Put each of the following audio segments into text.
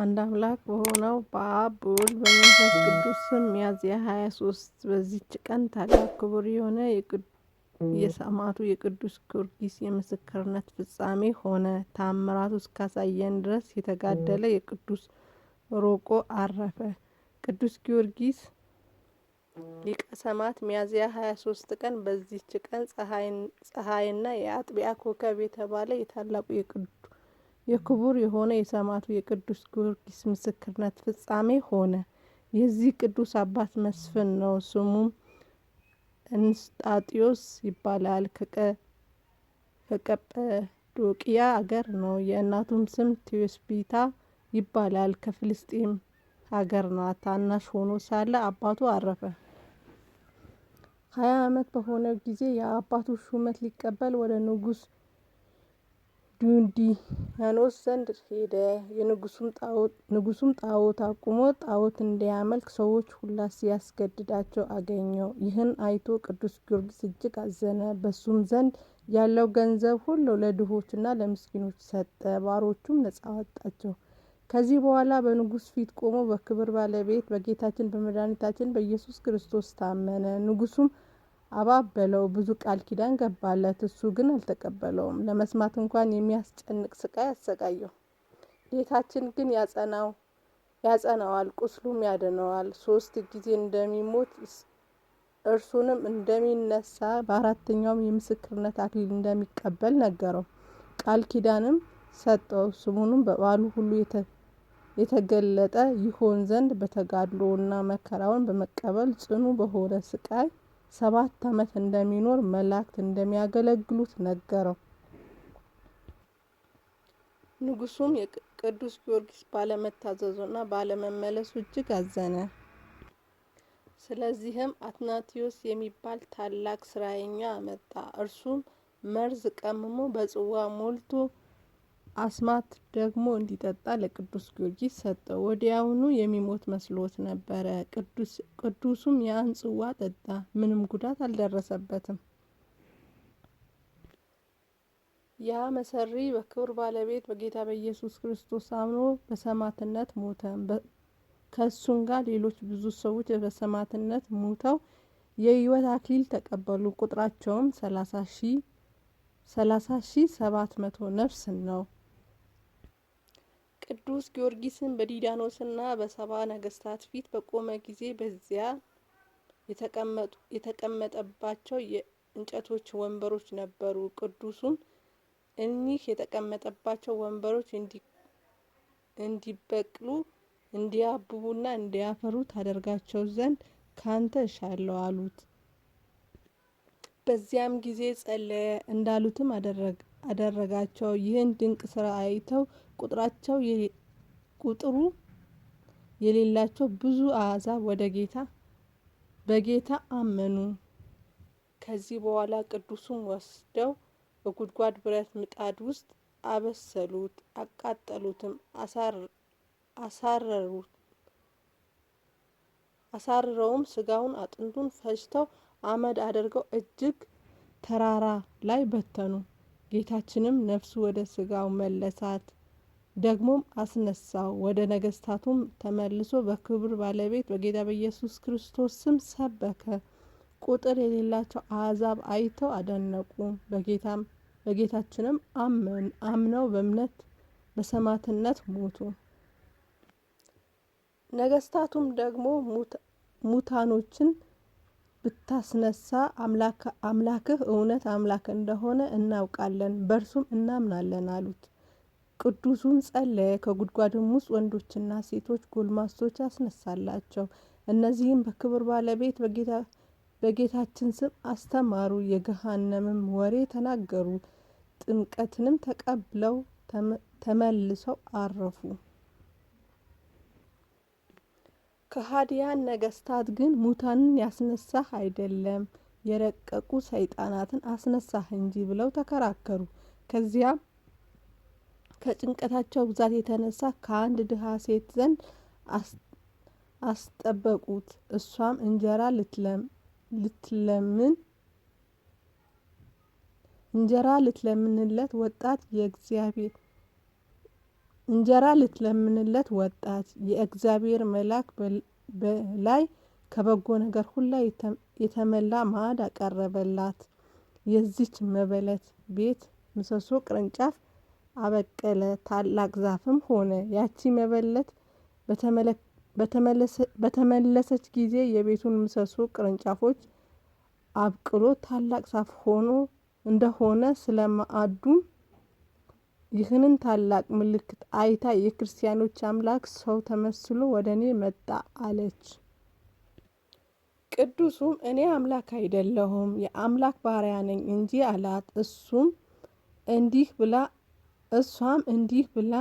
አንድ አምላክ በሆነው በአብ በወልድ በመንፈስ ቅዱስ ስም ሚያዝያ 23 በዚች ቀን ታላቅ ክቡር የሆነ የሰማዕቱ የቅዱስ ጊዮርጊስ የምስክርነት ፍጻሜ ሆነ። ታምራቱ እስካሳየን ድረስ የተጋደለ የቅዱስ ሮቆ አረፈ። ቅዱስ ጊዮርጊስ ሊቀ ሰማዕት ሚያዝያ 23 ቀን በዚች ቀን ፀሐይና የአጥቢያ ኮከብ የተባለ የታላቁ የቅዱስ የክቡር የሆነ የሰማዕቱ የቅዱስ ጊዮርጊስ ምስክርነት ፍጻሜ ሆነ። የዚህ ቅዱስ አባት መስፍን ነው። ስሙም እንስጣጢዮስ ይባላል። ከቀጰዶቅያ አገር ነው። የእናቱም ስም ቴዎስቢታ ይባላል። ከፍልስጤም ሀገር ናት። ታናሽ ሆኖ ሳለ አባቱ አረፈ። ሀያ ዓመት በሆነው ጊዜ የአባቱ ሹመት ሊቀበል ወደ ንጉስ ያኖስ ዘንድ ሄደ። ንጉሡም ጣዖት አቁሞ ጣዖት እንዲያመልክ ሰዎች ሁላ ሲያስገድዳቸው አገኘው። ይህን አይቶ ቅዱስ ጊዮርጊስ እጅግ አዘነ። በሱም ዘንድ ያለው ገንዘብ ሁሉ ለድሆችና ለምስኪኖች ሰጠ፣ ባሮቹም ነፃ ወጣቸው። ከዚህ በኋላ በንጉስ ፊት ቆሞ በክብር ባለቤት በጌታችን በመድኃኒታችን በኢየሱስ ክርስቶስ ታመነ። ንጉሱም አባበለው። ብዙ ቃል ኪዳን ገባለት፣ እሱ ግን አልተቀበለውም። ለመስማት እንኳን የሚያስጨንቅ ስቃይ አሰቃየው። ጌታችን ግን ያጸናው ያጸናዋል፣ ቁስሉም ያድነዋል። ሶስት ጊዜ እንደሚሞት እርሱንም እንደሚነሳ በአራተኛውም የምስክርነት አክሊል እንደሚቀበል ነገረው። ቃል ኪዳንም ሰጠው። ስሙንም በበዓሉ ሁሉ የተገለጠ ይሆን ዘንድ በተጋድሎውና መከራውን በመቀበል ጽኑ በሆነ ስቃይ ሰባት ዓመት እንደሚኖር መላእክት እንደሚያገለግሉት ነገረው። ንጉሱም የቅዱስ ጊዮርጊስ ባለመታዘዙና ባለመመለሱ እጅግ አዘነ። ስለዚህም አትናቲዮስ የሚባል ታላቅ ስራየኛ አመጣ። እርሱም መርዝ ቀምሞ በጽዋ ሞልቶ አስማት ደግሞ እንዲጠጣ ለቅዱስ ጊዮርጊስ ሰጠው። ወዲያውኑ የሚሞት መስሎት ነበረ። ቅዱሱም ያን ጽዋ ጠጣ፣ ምንም ጉዳት አልደረሰበትም። ያ መሰሪ በክብር ባለቤት በጌታ በኢየሱስ ክርስቶስ አምኖ በሰማዕትነት ሞተ። ከእሱም ጋር ሌሎች ብዙ ሰዎች በሰማዕትነት ሞተው የሕይወት አክሊል ተቀበሉ። ቁጥራቸውም ሰላሳ ሺህ ሰባት መቶ ነፍስ ነው። ቅዱስ ጊዮርጊስን በዲዳኖስና በሰባ ነገስታት ፊት በቆመ ጊዜ በዚያ የተቀመጠባቸው የእንጨቶች ወንበሮች ነበሩ። ቅዱሱም እኒህ የተቀመጠባቸው ወንበሮች እንዲበቅሉ እንዲያብቡና እንዲያፈሩ ታደርጋቸው ዘንድ ካንተ እሻለሁ አሉት። በዚያም ጊዜ ጸለየ፣ እንዳሉትም አደረጋቸው። ይህን ድንቅ ስራ አይተው ቁጥራቸው ቁጥሩ የሌላቸው ብዙ አሕዛብ ወደ ጌታ በጌታ አመኑ። ከዚህ በኋላ ቅዱሱን ወስደው በጉድጓድ ብረት ምጣድ ውስጥ አበሰሉት፣ አቃጠሉትም፣ አሳረሩት። አሳርረውም ስጋውን አጥንቱን ፈጭተው አመድ አድርገው እጅግ ተራራ ላይ በተኑ። ጌታችንም ነፍሱ ወደ ስጋው መለሳት። ደግሞም አስነሳው። ወደ ነገስታቱም ተመልሶ በክብር ባለቤት በጌታ በኢየሱስ ክርስቶስ ስም ሰበከ። ቁጥር የሌላቸው አሕዛብ አይተው አደነቁ። በጌታም በጌታችንም አምነው በእምነት በሰማዕትነት ሞቱ። ነገስታቱም ደግሞ ሙታኖችን ብታስነሳ አምላክህ እውነት አምላክ እንደሆነ እናውቃለን፣ በእርሱም እናምናለን አሉት። ቅዱሱም ጸለየ። ከጉድጓድም ውስጥ ወንዶችና ሴቶች ጎልማሶች አስነሳላቸው። እነዚህም በክብር ባለቤት በጌታችን ስም አስተማሩ፣ የገሃነምም ወሬ ተናገሩ። ጥምቀትንም ተቀብለው ተመልሰው አረፉ። ከሃዲያን ነገስታት ግን ሙታንን ያስነሳህ አይደለም የረቀቁ ሰይጣናትን አስነሳህ እንጂ ብለው ተከራከሩ። ከዚያም ከጭንቀታቸው ብዛት የተነሳ ከአንድ ድሃ ሴት ዘንድ አስጠበቁት። እሷም እንጀራ ልትለምን እንጀራ ልትለምንለት ወጣት የእግዚአብሔር እንጀራ ልትለምንለት ወጣት የእግዚአብሔር መልአክ በላይ ከበጎ ነገር ሁላ የተመላ ማዕድ አቀረበላት። የዚች መበለት ቤት ምሰሶ ቅርንጫፍ አበቀለ ታላቅ ዛፍም ሆነ። ያቺ መበለት በተመለሰች ጊዜ የቤቱን ምሰሶ ቅርንጫፎች አብቅሎ ታላቅ ዛፍ ሆኖ እንደሆነ ስለ ማዕዱም ይህንን ታላቅ ምልክት አይታ የክርስቲያኖች አምላክ ሰው ተመስሎ ወደ እኔ መጣ አለች። ቅዱሱም እኔ አምላክ አይደለሁም የአምላክ ባሪያ ነኝ እንጂ አላት። እሱም እንዲህ ብላ እሷም እንዲህ ብላ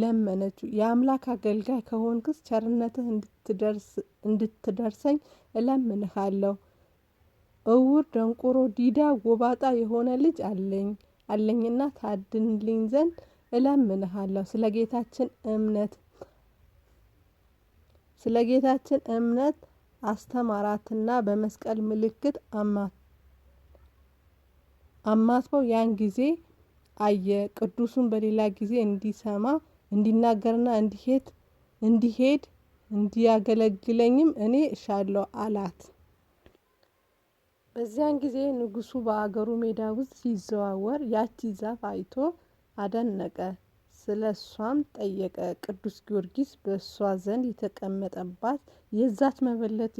ለመነችው፣ የአምላክ አገልጋይ ከሆንክስ ቸርነትህ እንድትደርሰኝ እለምንሃለሁ። እውር፣ ደንቆሮ፣ ዲዳ፣ ጎባጣ የሆነ ልጅ አለኝ አለኝና ታድንልኝ ዘንድ እለምንሃለሁ። ስለ ጌታችን እምነት ስለ ጌታችን እምነት አስተማራትና በመስቀል ምልክት አማትበው ያን ጊዜ አየ። ቅዱሱን በሌላ ጊዜ እንዲሰማ እንዲናገርና እንዲሄድ እንዲሄድ እንዲያገለግለኝም እኔ እሻለሁ አላት። በዚያን ጊዜ ንጉሱ በአገሩ ሜዳ ውስጥ ሲዘዋወር ያቺ ዛፍ አይቶ አደነቀ። ስለ እሷም ጠየቀ። ቅዱስ ጊዮርጊስ በእሷ ዘንድ የተቀመጠባት የዛች መበለት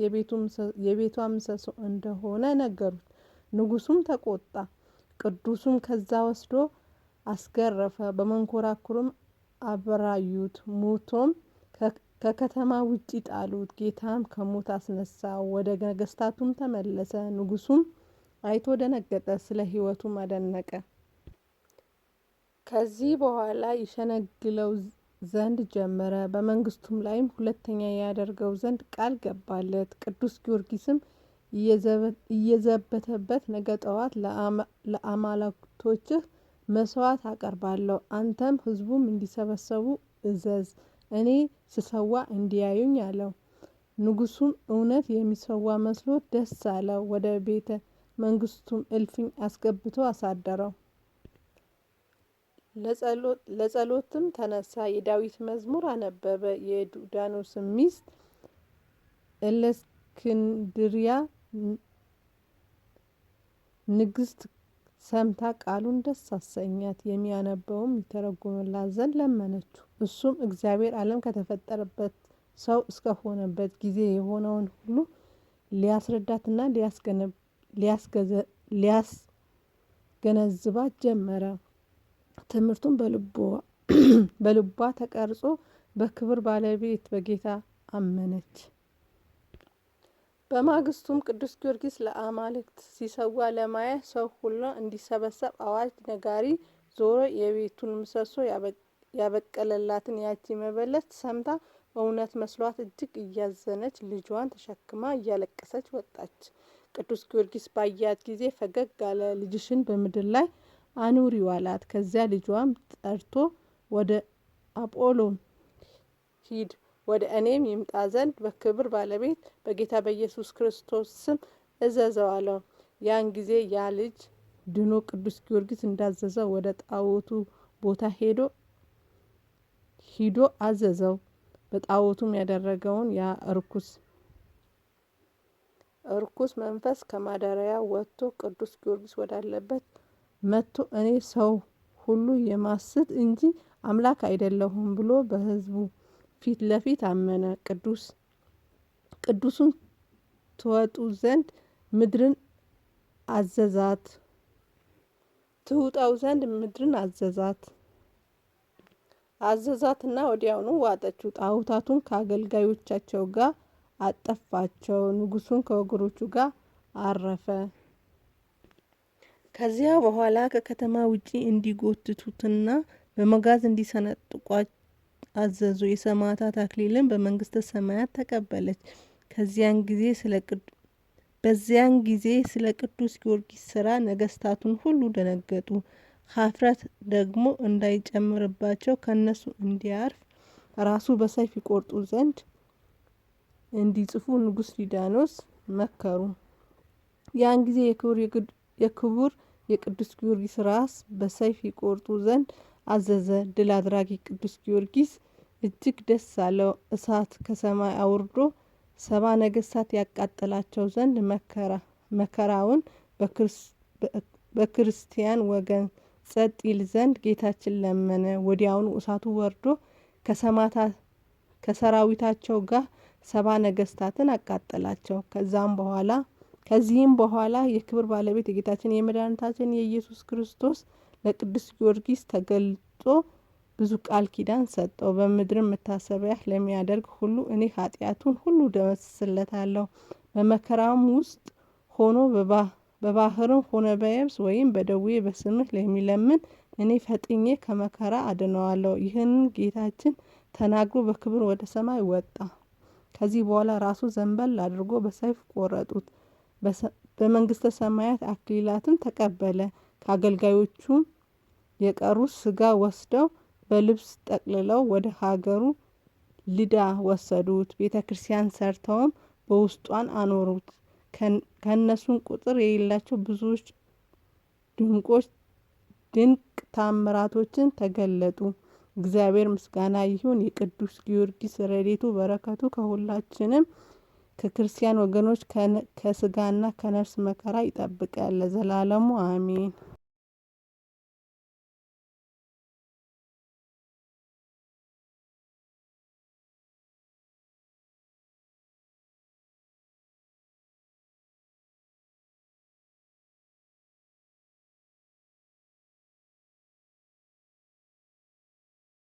የቤቷ ምሰሶ እንደሆነ ነገሩት። ንጉሱም ተቆጣ። ቅዱሱም ከዛ ወስዶ አስገረፈ። በመንኮራኩርም አበራዩት። ሞቶም ከከተማ ውጪ ጣሉት። ጌታም ከሞት አስነሳ። ወደ ነገስታቱም ተመለሰ። ንጉሱም አይቶ ደነገጠ፣ ስለ ህይወቱም አደነቀ። ከዚህ በኋላ ይሸነግለው ዘንድ ጀመረ። በመንግስቱም ላይም ሁለተኛ ያደርገው ዘንድ ቃል ገባለት። ቅዱስ ጊዮርጊስም እየዘበተበት ነገ ጠዋት ለአማላክቶችህ መስዋዕት አቀርባለሁ አንተም ህዝቡም እንዲሰበሰቡ እዘዝ እኔ ስሰዋ እንዲያዩኝ አለው። ንጉሱም እውነት የሚሰዋ መስሎት ደስ አለው ወደ ቤተ መንግስቱም እልፍኝ አስገብቶ አሳደረው። ለጸሎትም ተነሳ የዳዊት መዝሙር አነበበ። የዱዳኖስ ሚስት እለስክንድሪያ ንግስት ። ሰምታ ቃሉን ደስ አሰኛት፣ የሚያነበውም ይተረጉምላት ዘንድ ለመነችው። እሱም እግዚአብሔር ዓለም ከተፈጠረበት ሰው እስከሆነበት ጊዜ የሆነውን ሁሉ ሊያስረዳትና ሊያስገነዝባት ጀመረ። ትምህርቱን በልቧ ተቀርጾ በክብር ባለቤት በጌታ አመነች። በማግስቱም ቅዱስ ጊዮርጊስ ለአማልክት ሲሰዋ ለማየት ሰው ሁሉ እንዲሰበሰብ አዋጅ ነጋሪ ዞሮ የቤቱን ምሰሶ ያበቀለላትን ያቺ መበለት ሰምታ እውነት መስሏት እጅግ እያዘነች ልጇን ተሸክማ እያለቀሰች ወጣች። ቅዱስ ጊዮርጊስ ባያት ጊዜ ፈገግ አለ። ልጅሽን በምድር ላይ አኑሪ ዋላት። ከዚያ ልጇም ጠርቶ ወደ አጶሎን ሂድ ወደ እኔም ይምጣ ዘንድ በክብር ባለቤት በጌታ በኢየሱስ ክርስቶስ ስም እዘዘዋለሁ። ያን ጊዜ ያ ልጅ ድኖ ቅዱስ ጊዮርጊስ እንዳዘዘው ወደ ጣዖቱ ቦታ ሄዶ ሂዶ አዘዘው። በጣዖቱም ያደረገውን ያ እርኩስ እርኩስ መንፈስ ከማደሪያ ወጥቶ ቅዱስ ጊዮርጊስ ወዳለበት መጥቶ እኔ ሰው ሁሉ የማስት እንጂ አምላክ አይደለሁም ብሎ በሕዝቡ ፊት ለፊት አመነ። ቅዱስ ቅዱሱን ትወጡ ዘንድ ምድርን አዘዛት ትውጣው ዘንድ ምድርን አዘዛት አዘዛትና ወዲያውኑ ዋጠችው። ጣዖታቱን ከአገልጋዮቻቸው ጋር አጠፋቸው። ንጉሱን ከወገሮቹ ጋር አረፈ። ከዚያ በኋላ ከከተማ ውጪ እንዲጎትቱትና በመጋዝ እንዲሰነጥቋቸው አዘዙ። የሰማዕታት አክሊልን በመንግስተ ሰማያት ተቀበለች። ከዚያን ጊዜ ስለ በዚያን ጊዜ ስለ ቅዱስ ጊዮርጊስ ስራ ነገስታቱን ሁሉ ደነገጡ። ሀፍረት ደግሞ እንዳይጨምርባቸው ከነሱ እንዲያርፍ ራሱ በሰይፍ ይቆርጡ ዘንድ እንዲጽፉ ንጉስ ሊዳኖስ መከሩ። ያን ጊዜ የክቡር የቅዱስ ጊዮርጊስ ራስ በሰይፍ ይቆርጡ ዘንድ አዘዘ። ድል አድራጊ ቅዱስ ጊዮርጊስ እጅግ ደስ አለው። እሳት ከሰማይ አውርዶ ሰባ ነገስታት ያቃጠላቸው ዘንድ መከራውን በክርስቲያን ወገን ጸጥ ይል ዘንድ ጌታችን ለመነ። ወዲያውኑ እሳቱ ወርዶ ከሰራዊታቸው ጋር ሰባ ነገስታትን አቃጠላቸው። ከዛም በኋላ ከዚህም በኋላ የክብር ባለቤት የጌታችን የመድኃኒታችን የኢየሱስ ክርስቶስ ለቅዱስ ጊዮርጊስ ተገልጦ ብዙ ቃል ኪዳን ሰጠው። በምድርም መታሰቢያ ለሚያደርግ ሁሉ እኔ ኃጢአቱን ሁሉ ደመስስለታለሁ። በመከራም ውስጥ ሆኖ በባህርም ሆነ በየብስ ወይም በደዌ በስምህ ለሚለምን እኔ ፈጥኜ ከመከራ አድነዋለሁ። ይህን ጌታችን ተናግሮ በክብር ወደ ሰማይ ወጣ። ከዚህ በኋላ ራሱ ዘንበል አድርጎ በሰይፍ ቆረጡት። በመንግስተ ሰማያት አክሊላትን ተቀበለ። ከአገልጋዮቹም የቀሩ ስጋ ወስደው በልብስ ጠቅልለው ወደ ሀገሩ ልዳ ወሰዱት። ቤተ ክርስቲያን ሰርተውም በውስጧን አኖሩት። ከእነሱን ቁጥር የሌላቸው ብዙዎች ድንቆች ድንቅ ታምራቶችን ተገለጡ። እግዚአብሔር ምስጋና ይሁን። የቅዱስ ጊዮርጊስ ረዴቱ በረከቱ ከሁላችንም ከክርስቲያን ወገኖች ከስጋና ከነፍስ መከራ ይጠብቃል ለዘላለሙ አሜን።